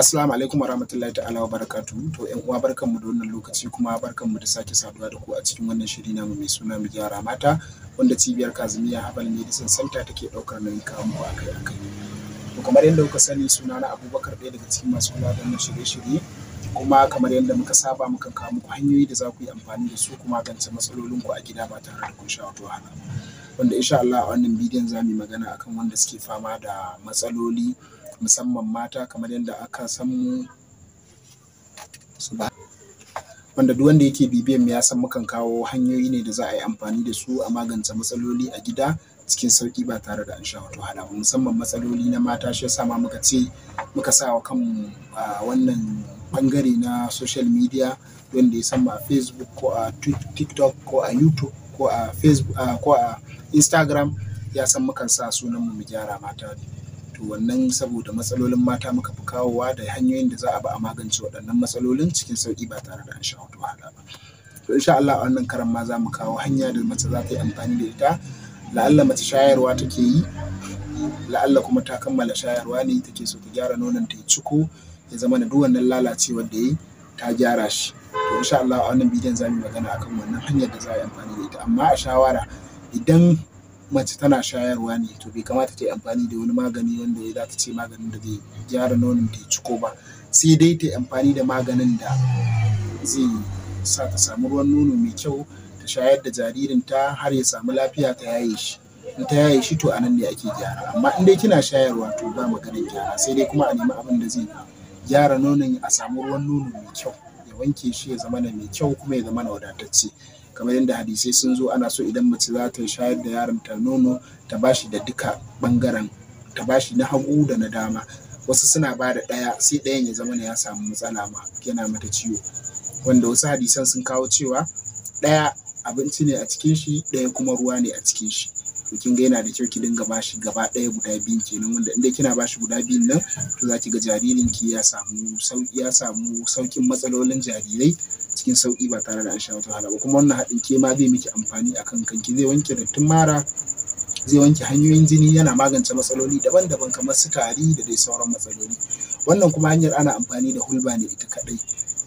Assalamu alaikum warahmatullahi ta'ala barakatu to ƴan uwa barkanmu da wannan lokaci kuma barkanmu da sake saduwa da ku a cikin wannan shiri namu mai suna mu gyara mata wanda cibiyar Kazimiya Habal Medicine Center take daukar nauyin kawo muku akai akai to kamar yadda kuka sani suna na Abubakar ɗaya daga cikin masu kula da wannan shirye-shirye kuma kamar yadda muka saba muka kawo muku hanyoyi da za ku yi amfani da su kuma gance matsalolin ku a gida ba tare da kun sha wata wahala wanda insha Allah a wannan bidiyon za mu yi magana akan wanda suke fama da matsaloli musamman mata kamar yadda aka san mu wanda duk wanda yake bibiyan mu ya san mukan kawo hanyoyi ne da za a yi amfani da su a magance matsaloli a gida cikin sauki ba tare da an sha wato wahala musamman matsaloli na mata shi yasa ma muka ce muka sa wa kanmu a wannan bangare na social media wanda ya san a facebook ko a tiktok ko a youtube ko a facebook ko a instagram ya san mukan sa sunan mu mu gyara mata ne wato wannan saboda matsalolin mata muka fi kawowa da hanyoyin da za a ba a magance waɗannan matsalolin cikin sauƙi ba tare da an sha wata wahala ba to insha Allah a wannan karan ma za mu kawo hanya da mace za ta yi amfani da ita la'alla mace shayarwa take yi la'alla kuma ta kammala shayarwa ne take so ta gyara nonon ta ciko ya zama da duk wannan lalacewar da yi ta gyara shi to insha Allah a wannan bidiyon za mu magana akan wannan hanyar da za a yi amfani da ita amma a shawara idan mace tana shayarwa ne to bai kamata ta yi amfani da wani magani wanda ya ta ce maganin da zai gyara nonon da ya ciko ba sai dai ta yi amfani da maganin da zai sa ta samu ruwan nono mai kyau ta shayar da jaririn ta har ya samu lafiya ta yaye shi in ta yaye shi to a nan ne ake gyara amma in dai kina shayarwa to ba maganin gyara sai dai kuma a nemi abin da zai gyara nonon a samu ruwan nono mai kyau ya wanke shi ya zama mai kyau kuma ya zama wadatacce kamar yadda hadisai sun zo ana so idan mace za ta shayar da yaron ta nono ta bashi da duka bangaren ta bashi na hagu da na dama wasu suna ba da ɗaya sai ɗayan ya zama ya samu matsala ma yana mata ciwo wanda wasu hadisan sun kawo cewa ɗaya abinci ne a cikin shi ɗaya kuma ruwa ne a cikin shi to kin ga yana da kyau ki dinga bashi gaba ɗaya guda biyun kenan wanda inda kina bashi guda biyun nan to za ki ga jaririn ki ya samu sauki ya samu saukin matsalolin jarirai cikin sauki ba tare da an sha wata ba kuma wannan haɗin ke ma zai miki amfani akan kanki zai wanke dattin mara zai wanke hanyoyin jini yana magance matsaloli daban-daban kamar su tari da dai sauran matsaloli wannan kuma hanyar ana amfani da hulba ne ita kaɗai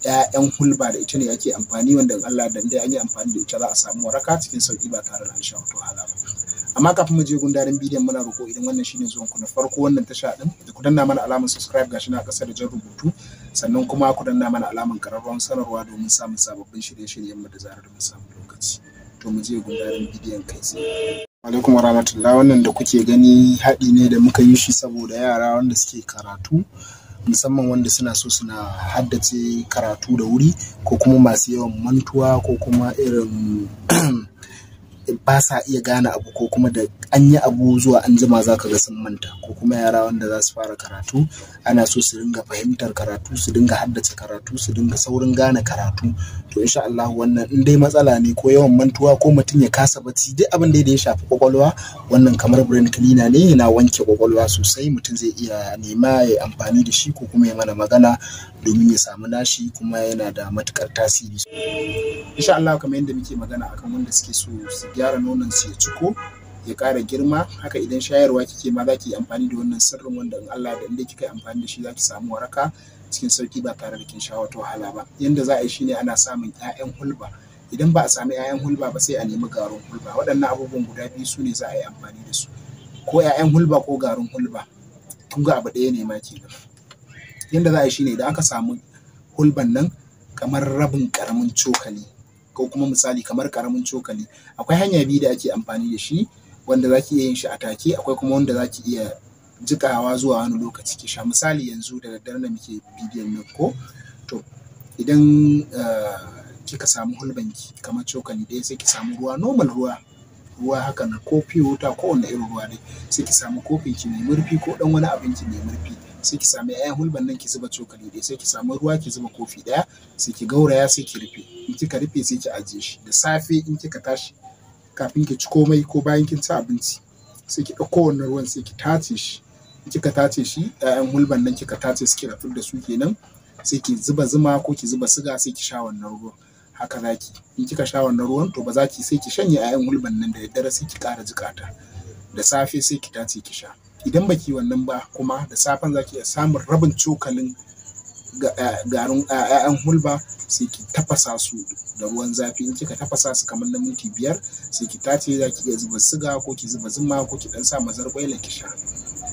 ‘ya'yan hulba da ita ne ake amfani wanda Allah da an yi amfani da ita za a samu waraka cikin sauki ba tare da an sha wata wahala ba amma kafin mu je gundaren bidiyon muna roko idan wannan shine zuwan ku na farko wannan tasha din da ku danna mana alamar subscribe gashi na kasa da jan rubutu sannan kuma ku danna mana alamar ƙararrawar sanarwa domin samun sababbin shirye-shiryen mu da zarar mun samu lokaci to mu je gundaren bidiyon kai tsaye alaikum warahmatullahi wannan da kuke gani haɗi ne da muka yi shi saboda yara wanda suke karatu musamman wanda suna so suna haddace karatu da wuri ko kuma masu yawan mantuwa ko kuma irin ba sa iya gane abu ko kuma da an yi abu zuwa an jima za ka ga sun manta ko kuma yara wanda za su fara karatu ana so su dinga fahimtar karatu su dinga haddace karatu su dinga saurin gane karatu to insha Allah wannan in dai matsala ne ko yawan mantuwa ko mutum ya kasa bacci duk abin da ya shafi kwakwalwa wannan kamar brain cleaner ne yana wanke kwakwalwa sosai mutum zai iya nema ya amfani da shi ko kuma ya mana magana domin ya samu nashi kuma yana da matukar tasiri insha Allah kamar yadda muke magana akan wanda suke so gyara nonon su ya ciko ya ƙara girma haka idan shayarwa kike ma zaki yi amfani da wannan sirrin wanda in Allah da inda kika yi amfani da shi za samu waraka cikin sauki ba tare da kin sha wata wahala ba yanda za a yi shine ana samun ƴaƴan hulba idan ba a samu ƴaƴan hulba ba sai a nemi garin hulba waɗannan abubuwan guda biyu su ne za a yi amfani da su ko ƴaƴan hulba ko garin hulba kun ga abu ɗaya ne ma ke yanda za a yi shine idan aka samu hulban nan kamar rabin ƙaramin cokali ko kuma misali kamar karamin cokali akwai hanya biyu da ake amfani da shi wanda za ki iya yin shi a take akwai kuma wanda za ki iya jikawa zuwa wani lokaci ki sha misali yanzu da daddare da muke bidiyon nan ko to idan eh, kika samu hulbanki kamar cokali ɗaya sai ki samu ruwa normal ruwa ruwa haka na kofi wuta ko wanda irin ruwa dai sai ki samu kofi ki mai murfi ko dan wani abinci ki mai murfi sai ki samu 'ya'yan hulban nan ki zuba cokali dai. sai ki samu ruwa ki zuba kofi daya. sai ki gauraya sai ki rufe in kika rufe sai ki ajiye shi da safe in kika tashi kafin ki ci komai ko bayan kin ci abinci sai ki ɗauko wannan ruwan sai ki tace shi in kika tace shi 'ya'yan hulban nan kika tace su ki rafin da su kenan sai ki zuba zuma ko ki zuba suga sai ki sha wannan ruwan haka zaki in kika sha wannan ruwan to ba za ki sai ki shanye ayan hulban nan da daddare sai ki ƙara jikata da safe sai ki tace ki sha idan baki wannan ba kuma da safen za ki iya samun rabin cokalin eh, garin eh, ayan hulba sai ki tafasa su da ruwan zafi in kika tafasa su kamar na minti biyar sai ki tace za ki iya zuba siga ko ki zuba zuma ko ki dan sa mazarƙwaila ki sha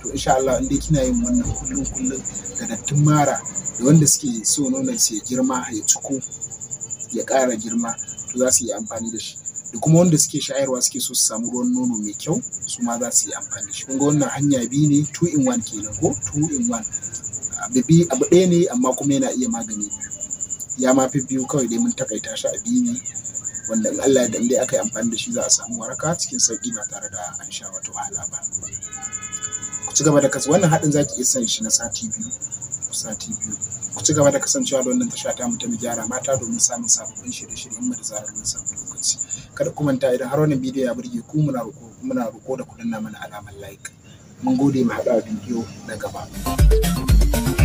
to insha Allah in dai kina yin wannan kullum kullum da dattin mara da wanda suke so nonon su girma ya ciko ya ƙara girma to za su yi amfani da shi da kuma wanda suke shayarwa suke so su samu ruwan nono mai kyau su ma za su yi amfani da shi kun ga wannan hanya biyu ne two in one kenan ko two in one abu ɗaya ne amma kuma yana iya magani ya ma fi biyu kawai dai mun takaita shi a biyu ne wanda in Allah ya dande aka yi amfani da shi za a samu waraka cikin sauki ba tare da an sha wata wahala ba ku ci gaba da kasu wannan haɗin za ki iya san shi na sati biyu sati biyu ku ci gaba da kasancewa da wannan tasha ta mu ta gyara mata domin samun sababbin shirye-shiryen mu da zarar mun samu lokaci kada ku manta idan har wannan bidiyo ya burge ku muna roko muna roko da ku danna mana alamar like mun gode mu haɗa bidiyo na gaba